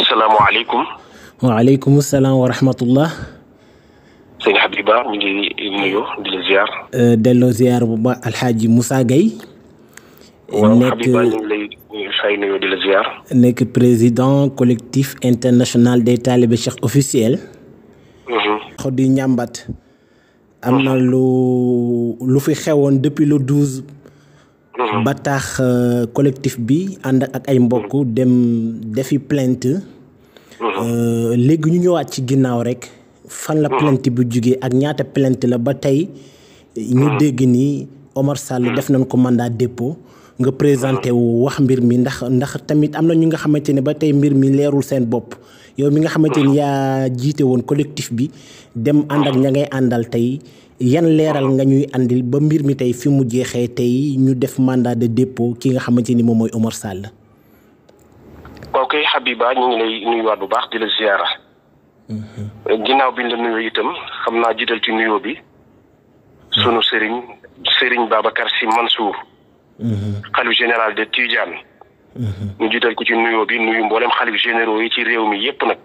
السلام عليكم وعليكم السلام ورحمة الله سيدي حبيبة من نيو دي زيار أه، دلو زيار الحاج موسى غاي نيك حبيبة نيو دي زيار نيك بريزيدون كوليكتيف انترناشونال دي طالب شيخ اوفيسيال خودي نيامبات امنا لو لو في خيوون ديبي لو 12 Mhm. ba tax euh, collectif bi ànd ak ay mbokk mhm. dem defi plainte. Mhm. Euh, léegi ñu ñëwaat ci ginnaaw rek. fan la plainte bu jugee ak ñaata plainte la ba tey. ñu dégg ni Omar Sall def nañ ko mandat dépôt. nga présenté wu wax mbir mi ndax ndax tamit am na ñu nga xamante ne ba tey mbir mi leerul seen bopp yow mi nga xamante ni yaa jiite woon collectif bi dem ànd ak ña ngay àndal tey yan leeral nga ñuy indi ba mbir mi tey fi mu jeexee tey ñu def mandat de déppo ki nga xamante ni moom mooy Omar Sall. ok Habiba ñu ngi lay nuyuwaat bu baax di la ziara. Mhm. ginnaaw biñ la nuyoo itam xam naa jiital ci nuyoo bi. sunu sëriñ sëriñ Babacar Sy Mansour. Mhm. xalif général de Tidiane. Mhm. ñu jiital ko ci nuyoo bi nuyu mboolem xalif généro yi ci réew mi yépp nag.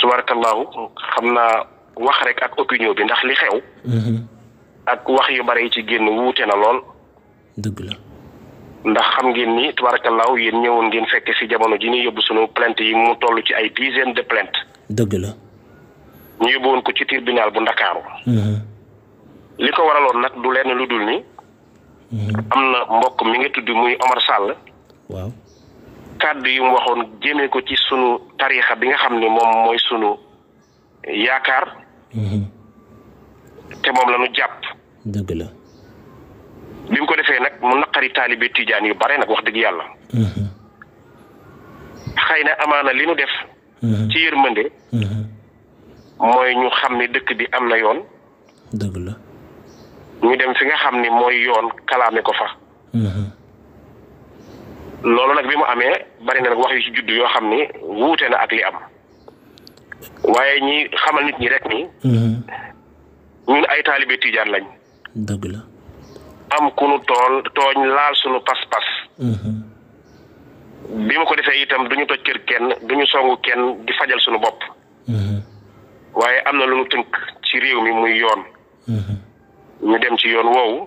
tubaarakallaahu xam naa wax rek ak opinion bi ndax li xew mhm. ak wax yu bari ci genn wuté na lol deug la ndax xam ngeen ni tabarakallah yeen ñëwoon ngeen fekk ci jamono ji ni yobbu sunu plainte yi mu tollu ci ay dizaine de plainte deug la ñu yobbon ko ci tribunal bu ndakaaru mhm. li ko waraloon nag du len lu dul ni mhm. amna na mbokk mi nga tuddu muy omar sall waaw kaddu yum ko ci sunu tarixa bi nga xamni mom moy sunu Mm-hmm. te moom la ñu jàpp. dëgg la. bi mu ko defee nag mu naqari taalibe tijaan yu bare nag wax dëgg yàlla. Mm-hmm. xëy na amaana li nu def. Mm-hmm. ci yërmande. mooy ñu xam ne dëkk bi am na yoon. dëgg la. ñu dem fi nga xam ni mooy yoon kalaame ko fa. loolu nag bi mu amee bari na nag wax yu ci juddu yoo xam ni wuute na ak li am. waaye ñi xamal nit ñi rekk ni. Mm-hmm. ñun ay taalibe tijaan lañ. am ku nu tool tooñ laal sunu pas-pas. Mm-hmm. bi ma ko defee itam du ñu toj kër kenn du ñu songu kenn di fajal sunu bopp. Mm-hmm. waaye am na lu nu tënk ci réew mi muy yoon. ñu dem ci yoon woowu.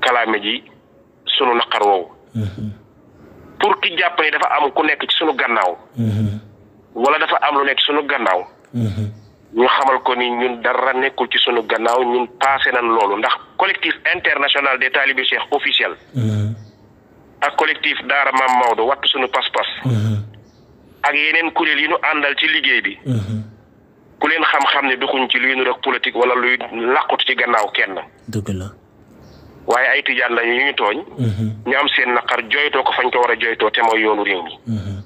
kalaame ji sunu naqar woowu. pour ki jàpp ne dafa am ku nekk ci sunu gannaaw. wala dafa am lu nek suñu gannaaw mhm. ñu xamal ko ni ñun dara nekul ci suñu gannaaw ñun passé nan loolu ndax collectif international des talibé cheikh officiel mhm. ak collectif daara mam mawdo wat sunu pas-pas mhm. ak yeneen kuréel yi ñu andal ci liggéey bi ku leen xam-xam ne duxuñ ci luy nu rek politique wala luy laqut ci gannaaw kenn dëgg la waaye ay tijaan la ñu ñu tooñ ñu am seen naqar joytoo ko fañ ko war a yoonu réew mi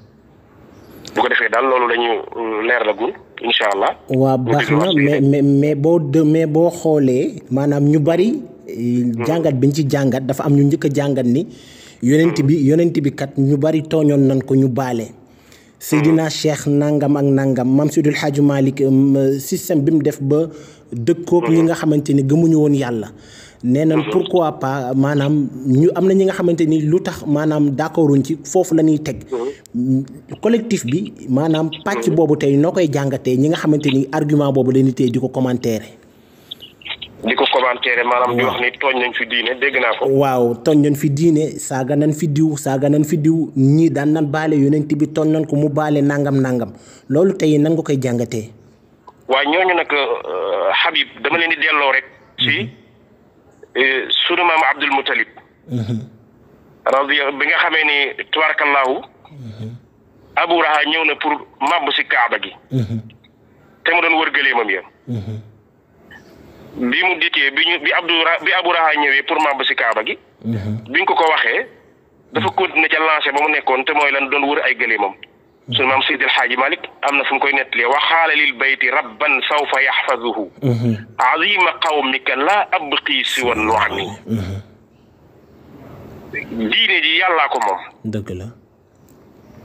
bu ko defee daal loolu la euh, leer la gun incha allah. waa baax na mais mais mais boo de mais boo xoolee maanaam ñu bari. Hmm. jàngat biñ ci jàngat dafa am ñu njëkk a jàngat ni. yonent bi yonent bi kat ñu bari tooñoon nañ ko ñu baale. si Seydina Cheikh nangam ak nangam Maam Seydil Hadji Malick euh, euh, système bi mu def ba dëkkoog ñi nga xamante ni gëmuñu woon yàlla nee pour quoi pas maanaam ñu am na ñi nga xamante ni lu tax maanaam d'accorduñ ci foofu la ñuy teg mhm. collectif bi maanaam pàcc boobu tey noo koy jàngatee ñi nga xamante ni argument boobu la ñuy tey di ko commentaire di ko commentaire maanaam di wax ni tooñ nañ fi diine dégg naa ko. waaw tooñ nañ fi diine saaga nañ fi diw saaga nañ fi diw ñii daan nañ baale nañ bi tooñ nañ ko mu baale nangam nangam loolu tey nan nga koy jàngatee. waaye ñooñu nag euh, Habib dama leen di delloo rek. ci mhm. euh, sunu maam Abdul Muttalib. Mhm. radiya bi nga xamee ni tubaarakallahu. Mhm. Abu Raha ñëw na pour màbb si Kaaba gi. te mu doon wër gëleemam ya bi mu dikkee bi ñu bi Abdou bi Abou Raha ñëwee pour màbb si Kaaba gi. Mhm. biñ ko ko waxee. dafa continuer ca lancé ba mu nekkoon te mooy lan doon wër ay gëléemam. Mhm. suñu maam Seydi El Hadji Malick am na fu mu koy nettalee wa xaala lil bayti rabban sawfa yaxfaduhu. Mhm. azima qawmika laa abqi siwa nuami. diine ji yàllaa ko moom. dëgg la.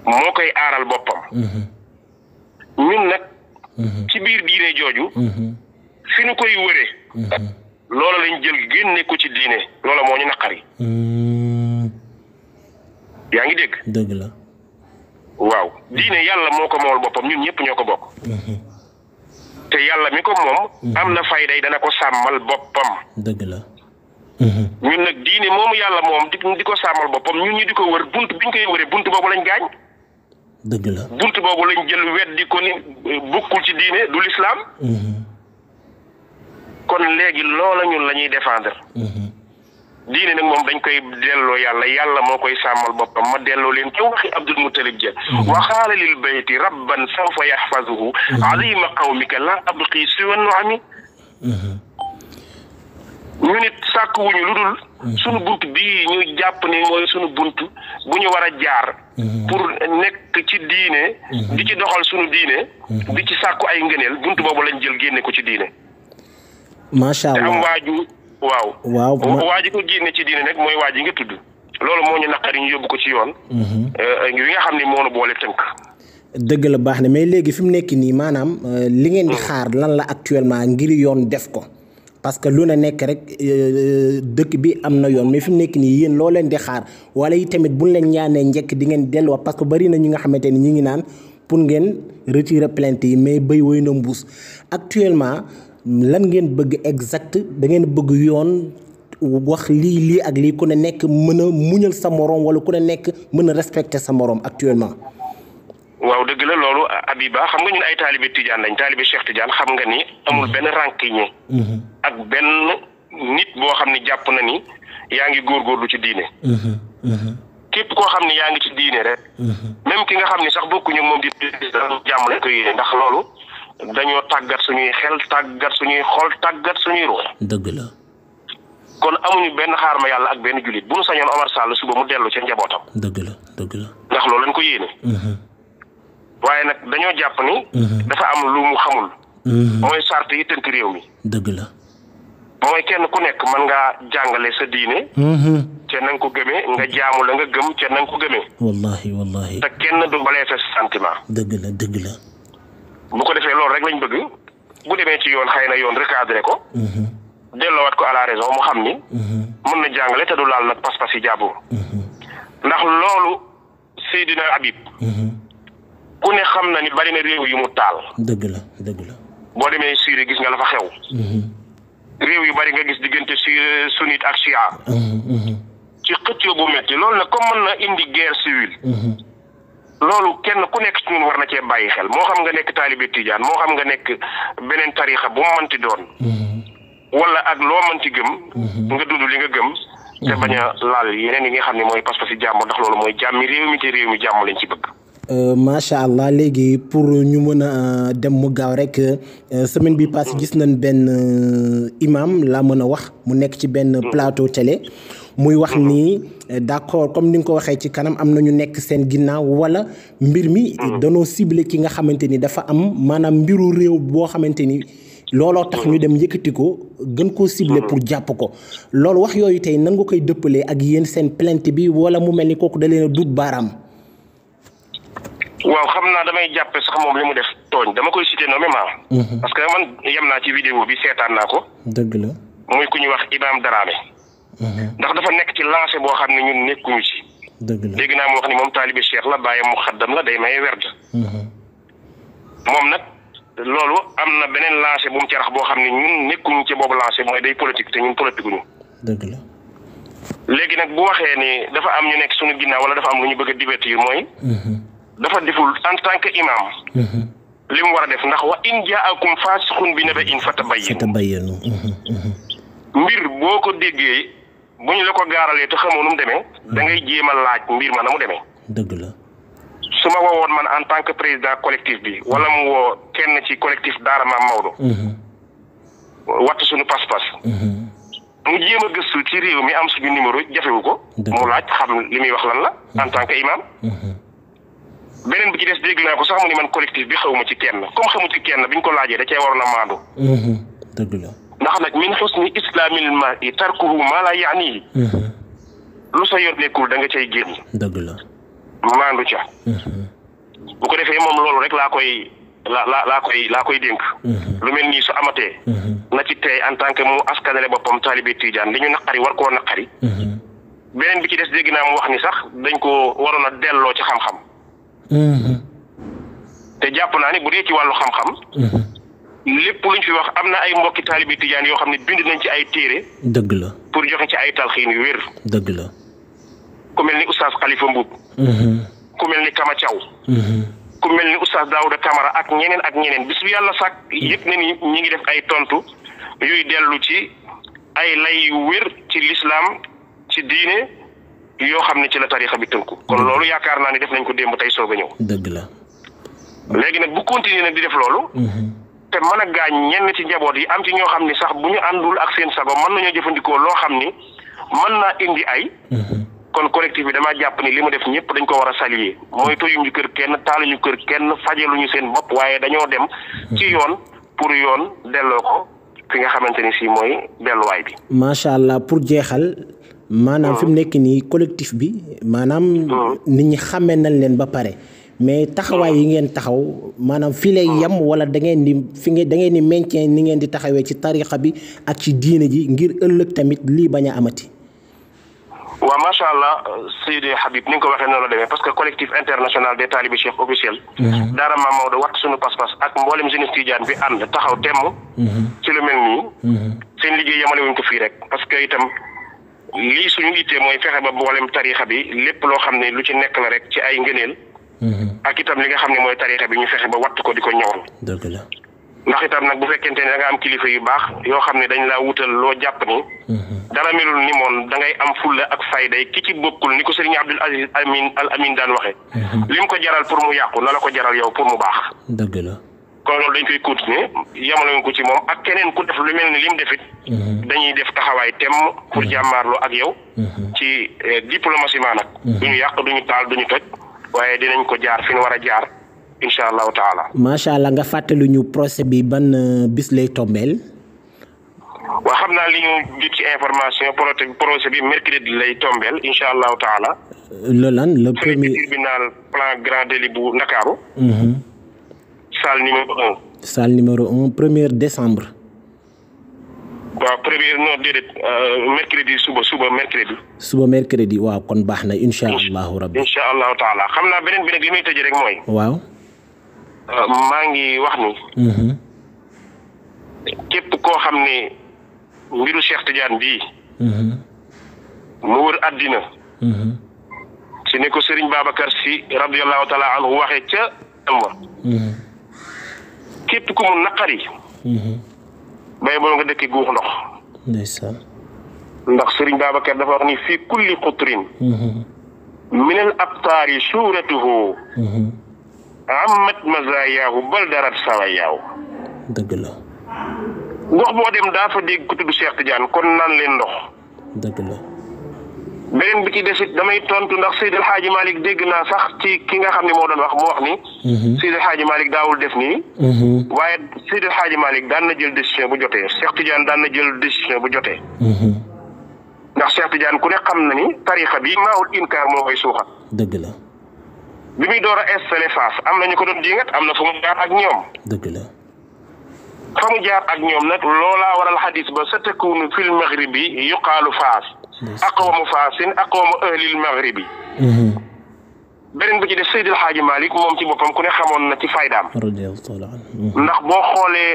moo koy aaral boppam. ñun nag. ci biir diine jooju. fi koy wéré mhm. loolu lañ jël génné ko ci diiné loolu moñu nakari hmm yaangi ngi dégg dëgg la waaw diiné yalla moko ko bopam ñun ñëpp ñoko bok bokk mhm. te yalla mi ko mom mhm. am fayda fayday dana ko samal bopam dëgg la ñun nak diiné moomu yalla mom di ko bopam ñun ñi di ko wër buntu biñ koy wëree buntu bobu lañ gañ dëgg la buntu bobu lañu jël wéddi ko ni eh, bukkul ci diiné du kon léegi loola ñun la ñuy défendre. Mhm. diine nag moom dañ koy delloo yàlla yàlla moo koy sàmmal boppam ma delloo leen ci waxi Abdul Mutalib ja mhm. wa xaala lil bayti rabban sawfa yaxfazuhu mhm. azima qawmika la abqi siwa nuami ñu nit sàkk wuñu lu dul suñu bunt bi ñu jàpp ni mooy suñu bunt bu ñu war a jaar pour nekk ci diine di ci doxal suñu diine di ci sàkku ay ngëneel bunt boobu lañ jël génne ko ci diine macha allah am waaju waaw. waaw waaju ko génne ci diine nag mooy waaj yi nga tudd. loolu moo ñu naqari ñu yóbbu ko ci yoon. Mhm. Euh, wi nga xam ne moo boole tënk. dëgg la baax ne may léegi fi mu nekk nii maanaam euh, li ngeen di mm. xaar lan la actuellement ngir yoon def ko parce que lu ne nekk rek euh, dëkk bi am na yoon mais fi mu nekk nii yéen loo leen di xaar wala yi tamit buñ leen ñaanee njëkk di ngeen delluwaat parce que bari na ñi nga xamante ni ñu ngi naan pour ngeen retirer plainte yi mais béy woy na actuellement. lan ngeen bëgg exact da ngeen bëgg yoon wax lii lii ak lii ku ne nekk mën a muñal sa moroom wala ku ne nekk mën a respecter sa moroom actuellement. waaw dëgg la loolu Abiba xam nga ñun ay taalibe Tidiane lañ taalibe Cheikh Tidiane xam nga ni amul mm-hmm. benn rànkiñe mm-hmm. ak benn nit boo xam ne jàpp na ni yaa ngi góor góor góorgóorlu ci diine. Mm-hmm. képp koo xam ne yaa ngi ci diine rek. même ki nga xam ne sax bokkuñu moom di jàmm lañ koy yéene ndax loolu. dañoo tàggat suñuy xel tàggat suñuy xol tàggat suñuy ruux. dëgg la. kon amuñu benn xaar ma yàlla ak benn jullit bu nu sañoon Omar Sall suba mu dellu ca njabootam. dëgg la loolu lañ ko yéene. Mhm. waaye nag dañoo jàpp ni. Mhm. dafa am lu mu xamul. Mhm. mooy sart yi tënk réew mi. dëgg kenn ku nekk mën ngaa jàngale sa diine. te na ko gëme nga jaamu la nga gëm te na ko gëmee. wallahi wallahi. te kenn du balee sa sentiment. dëgg la dëgg la. bu ko defee loolu rek lañu bëgg bu demee ci yoon xëy na yoon rek ko. Mhm. delloowaat ko à la raison mu xam ni. Mhm. mën na jàngale te du laal nag pas-pas yi jàppoo. Mhm. ndax loolu Seydina Habib. ku ne xam na ni bari na réew yu mu taal. dëgg la dëgg la. boo demee Syrie gis nga la fa xew. réew yu bari nga gis diggante si euh, sunnite ak chia. ci xëccoo bu metti loolu nag comme mën na indi guerre civile. loolu kenn ku nekk ci ñun war na cee bàyyi xel moo xam nga nekk taalibe tijaan moo xam nga nekk beneen tariixa bu mu mënti doon. Mm-hmm. wala ak loo mënti gëm. Mm-hmm. nga dund li nga gëm. te mm-hmm. bañ laal yeneen yi nga xam ne mooy pas-pasi jàmm ndax loolu mooy jàmmi réew mi te réew mi jàmm lañ ci bëgg. Euh, macha allah léegi pour ñu mën a euh, dem mu gaaw rek euh, semaine bi passé gis nañ benn imam laa mën a wax mu nekk ci benn mm. plateau télé. muy wax ni eh, d'accord comme ni nga ko waxee ci kanam am na ñu nekk seen ginnaaw wala mbir mi mm-hmm. danoo ciblé ki nga xamante ni dafa am maanaam mbiru réew boo xamante ni looloo tax ñu mm-hmm. dem yëkkati ko gën koo sible mm-hmm. pour jàpp ko loolu wax yooyu tey nan nga koy dëppalee ak yéen seen plainte bi wala mu mel ni kooku da leen a dut baaraam waaw xam naa damay jàppe sax moom li mu def tooñ dama koy cité nommément parce que man yem naa ci vidéo bi seetaan naa ko dëgg la Mm-hmm. ndax dafa nekk ci lancé boo xam ne ñun nekkuñu ci. dëgg la dégg naa moom wax ni moom taalibe Cheikh la bàyyi mu xaddam la day maye werd. Mm-hmm. moom nag loolu am na beneen lancer bu mu boo xam ne ñun nekkuñu ci boobu lancé mooy day politique te ñun politikuñu. dëgg la léegi nag bu waxee ni dafa am ñu nekk suñu ginnaaw wala dafa am lu ñu bëgg a divertir mooy. Mm-hmm. dafa deful en tant que imam. li mu war a def ndax wa in jaakum faasiqun bi naba'in fatabayyanu. fatabayyanu. mbir boo ko déggee. bu ñu la ko gaaralee te xamoo nu mu demee mm. da ngay jéem a laaj mbir ma na mu demee. dëgg la su ma woowoon man en tant que président collective bi wala mu woo kenn ci collectif Daara Maam Maodo. Mm-hmm. wattu suñu pas-pas. Mm-hmm. mu jéem a gëstu ci réew mi am suñu numéro jafewu ko. mu laaj xam li muy wax lan la en mm-hmm. tant que imam. beneen bi ci des dégg naa ko sax mu ni man collectif bi xawma ci kenn comme xamu ci kenn bi ñu ko laajee da cee waroon a maandu. dëgg la. ndax nag min xusni islaamil ma i tarkuhu maa laa yaanihi mhm. lu sa yor nekkul da nga cay génn. maandu ca. Mhm. bu ko defee moom loolu rek laa koy la la laa koy laa koy dénk. Mhm. lu mel nii su amatee. na ci tey en tant que mu askanale boppam taalibe Tijaan li ñu naqari war koo naqari. beneen bi ci des dégg naa mu wax ni sax dañ ko waroon a delloo ci xam-xam. te jàpp naa ne bu dee ci wàllu xam-xam. lépp luñ fi wax am na ay mbokki taalibi tijaan yoo xam ne bind nañ ci ay téere dëgg la pour joxe ci ay talxiin yu wér dëgg la ku mel ni oustaz Khalifa Mbuub mhm. ku mel ni Kama Thiaw mhm. ku mel ni oustaz Daouda Camara ak ñeneen ak ñeneen bi su yàlla sàkk yëg na ni ñi ngi def ay tontu yuy dellu ci ay lay wér ci lislaam ci diine yoo xam ne ci la tarixa bi tënku kon loolu yaakaar naa ni def nañ ko démb tey soog a ñëw dëgg la léegi nag bu continuer nag di def loolu mhm. te mën a gaañ ñenn ci njaboot yi am ci ñoo xam ni sax bu ñu àndul ak seen sago mën nañoo jëfandikoo loo xam ni mën indi ay mhm. kon collectif bi dama jàpp ni li mu def ñëpp dañ ko war a salier mooy ñu kër kenn taaluñu kër kenn fajaluñu seen bopp waaye dañoo dem ci mhm. yoon pour yoon delloo ko fi nga xamante ni si mooy delluwaay bi macha allah pour jeexal maanaam mhm. fi mu nekk collectif bi maanaam nit ñi xàmme nañ leen ba pare mais taxaway yi ngeen taxaw manam filé yam wala da ngeen di fi ngeen da ngeen di maintien ni ngeen di taxawé ci tarixa bi ak ci diiné ji ngir ëlëk tamit li baña amati wa masha Allah Sidi Habib ni ko waxé na la démé parce que collectif international des talibé cheikh officiel mhm. dara ma mawdo wat suñu pass pass ak mbolim jeunesse tidiane bi ànd taxaw temm mhm. ci lu melni mhm. seen liggéey yamale wuñ ko fi rek parce que itam li suñu ittee mooy fexe ba mboolem tarixa bi lépp lo xamné lu ci nek la rek ci ay ngeenel Mm-hmm. ak itam li nga xam ne mooy tarixa bi ñu fexe ba wattu ko di ko ñoom ndax itam nag bu fekkente ne da nga am kilifa yu baax yoo xam ne dañ laa wutal loo jàpp ni mm-hmm. dara melul ni moom da ngay am fulla ak fayday ki ci bokkul ni ko sëriñ Abdul Aziz Amin al Amin daan waxe mm-hmm. lim ko jaral pour mu yàqu na la ko jaral yow pour mu baax dëgg kon loolu dañ koy continuer yamalañ ko ci moom ak keneen ku def lu mel ni lim defit dañuy def taxawaay tem pour jàmmaarloo ak yow ci eh, diplomatie nag duñu yàq duñu taal duñu toj waaye dinañ ko jaar fi ñu war a jaar incha allahu taala. macha allah nga fàttali ñu procès bi ban euh, bis lay tombeel waaw xam naa li ñu jot information procès bi mercredi lay tombeel incha allahu taala. Euh, le lan le premier plan grand délit bu Ndakaaru. Mhm. salle numéro un. salle numéro un premier décembre. waaw premier non déedéet eh, mercredi suba suba mercredi. suba mercredi waaw kon baax na incha allahu rabbi. incha allahu taala xam naa beneen bi nag li may tëjee rek mooy. waaw. Eh, maa ngi wax ni. Mhm. képp koo xam ne mbiru Cheikh Tidiane bii. Mhm. mu wër àddina. si mhm. ne ko Serigne Babacar si radiyallahu taala anhu waxee ca. képp ku mu naqari. bay moo nga dëkki guux ndox ndeysaan ndax sëriñ Babacar dafa wax ni fii kulli xutrin mhm. min al abtaari suuratuhu mhm. amat mazayaahu bal darat sawayaahu dëgg la gox boo dem daa fa dégg ku tudd Cheikh kon naan leen ndox dëgg la beneen bi ci desit damay tontu ndax Seydi El malik dégg naa sax ci ki nga xam ne moo doon wax mu wax ni. Mhm. Seydi El Hadji daawul def nii. Mhm. waaye Seydi El Hadji Malick daan na jël décision bu jotee Cheikh Tidiane daan na jël décision bu jotee. Mhm. ndax Cheikh ku ne xam na ni tarixa bi maawul inkaar moo koy suuxat. dëgg la. bi muy door a installé Fass am na ñu ko doon diingat am na fu mu jaar ak ñoom. dëgg la. fa mu jaar ak ñoom nag laa waral xadis ba sa tëkkuwunu fil maghribi yuqaalu Fass. aqoomu faasin aqoomu ahlil maghribi mhm. beneen bu ci def Seydil Xaaji Malik moom ci boppam ku ne xamoon na ci faydaam mhm. ndax boo xoolee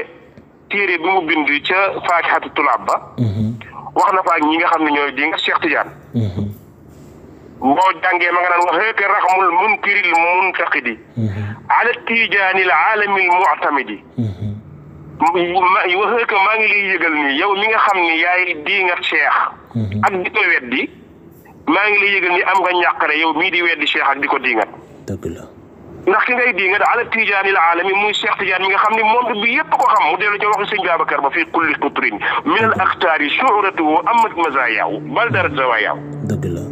téere bi mu bind ca faakihatu tulaab ba mhm. wax na fa ñi nga xam ne ñooy di nga Cheikh Tidiane boo jàngee ma nga naan wax hëkk raxmul munkiril muntaqidi ala tijaanil aalamil mu'tamidi ma wax hëkk maa ngi lay yëgal nii yow mi nga xam ne yaay di nga Cheikh Mm-hmm. ak ñi koy weddi maa ngi lay yëgal ni am nga ñàkkare yow mii di weddi cheikh ak di ko diingat. dëgg la ndax ki ngay diingat ala tijaani la alami muy cheikh tijaan mi nga xam ne monde bi yépp ko xam mu dellu ci waxu sëñ Babacar ba fii kulli qutrin min al aktaari shuuratuhu amat mazayaaw bal dara zawayaaw. dëgg la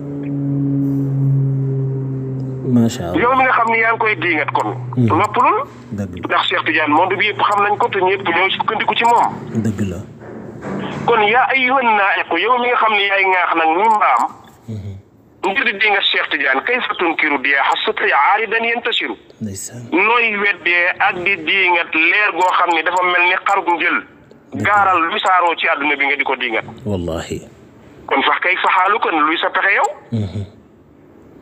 macha allah yow mi nga xam ne yaa ngi koy diingat kon. Mm-hmm. noppalul. dëgg la ndax cheikh tijaan monde bi yépp xam nañ ko te ñëpp ñooy sukkandiku ci moom. dëgg la. kon yaa ayyuhan naa'iqu yow mi nga xam ne yaay ŋaax nag ni mbaam mhm. ngir di nga Cheikh Tidiane kay fa tunkiru diyaaxa sutri aaridan yantasiru nooy weddee ak di diingat leer goo xam ni dafa mel ni xarug njël gaaral luy saaroo ci àdduna bi nga di ko diingat wallahi kon fax kay faxaalu kon luy sa pexe yow mhm.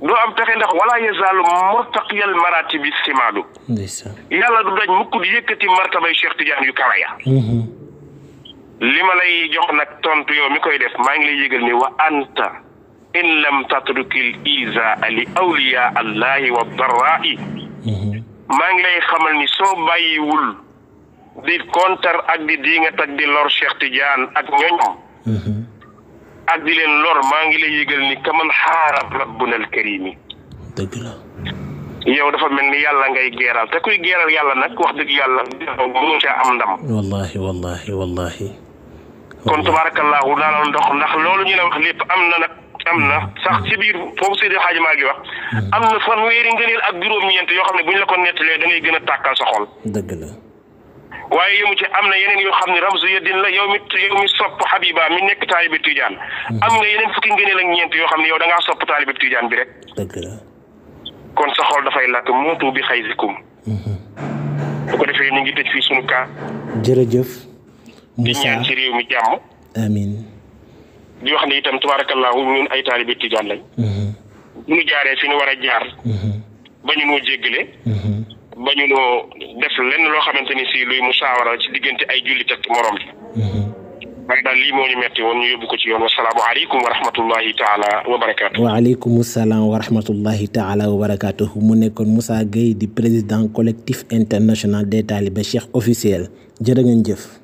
doo am pexe ndax wala yazaalu murtaqiyal maratibi simaadu yàlla du daj mukk di yëkkati martabay Cheikh Tidiane yu kawe ya mhm. li ma lay jox nag tontu yow mi koy def maa ngi lay yëgal ni wa ant in lam tatrukil izaa li awliya allahi wa darraai mhm. maa ngi lay xamal ni soo bàyyiwul di kontar ak di diingat ak di lor Cheikh Tidiane ak ñoñom mhm. ak di leen lor maa ngi lay yëgal ni kaman xaarab rabbuna alkarimi dëgg la yow dafa mel ni yàlla ngay geeral te kuy geeral yàlla nag wax dëgg yàlla mu ca am ndam wallahi wallahi wallahi kon tabarakallahu daaloon dox ndax loolu ñu la wax lépp am na nag am na sax ci biir foofu Seydi Hadji Malick wax am na fanweeri ngëneel ak juróom-ñeent yoo xam ne bu ñu la ko nettalee da ngay gën a tàkkal sa xol dëgg la waaye yëmu ci am na yeneen yoo xam ne ramsu yeddin la yow mi yow mi sopp Habiba mi nekk taalibi Tijaan am nga yeneen fukki ngëneel ak ñeent yoo xam ne yow da ngaa sopp taalibi Tijaan bi rek dëgg la kon sa xol dafay lakk mootu bi xaysikum bu ko defee ñu ngi tëj fii sunu kaa jërëjëf di ñaan ci réew mi jàmm. amiin. di wax ni itam tabaarakallaahu ñun ay taalibe tijaan lañ. Mm-hmm. bu ñu jaaree fi ñu war a jaar. Mm-hmm. ba ñu noo jéggale. Mm-hmm. ba noo def lenn loo xamante ni si luy musaawara ci diggante ay jullit ak morom bi. waaye daal lii moo ñu metti woon ñu yóbbu ko ci yoon wasalaamualeykum wa rahmatullahi taala wa barakaatu. waaleykum salaam wa rahmatullahi taala wa barakaatu mu nekkoon Moussa Gueye di président collectif international des talibés cheikh officiel jërë ngeen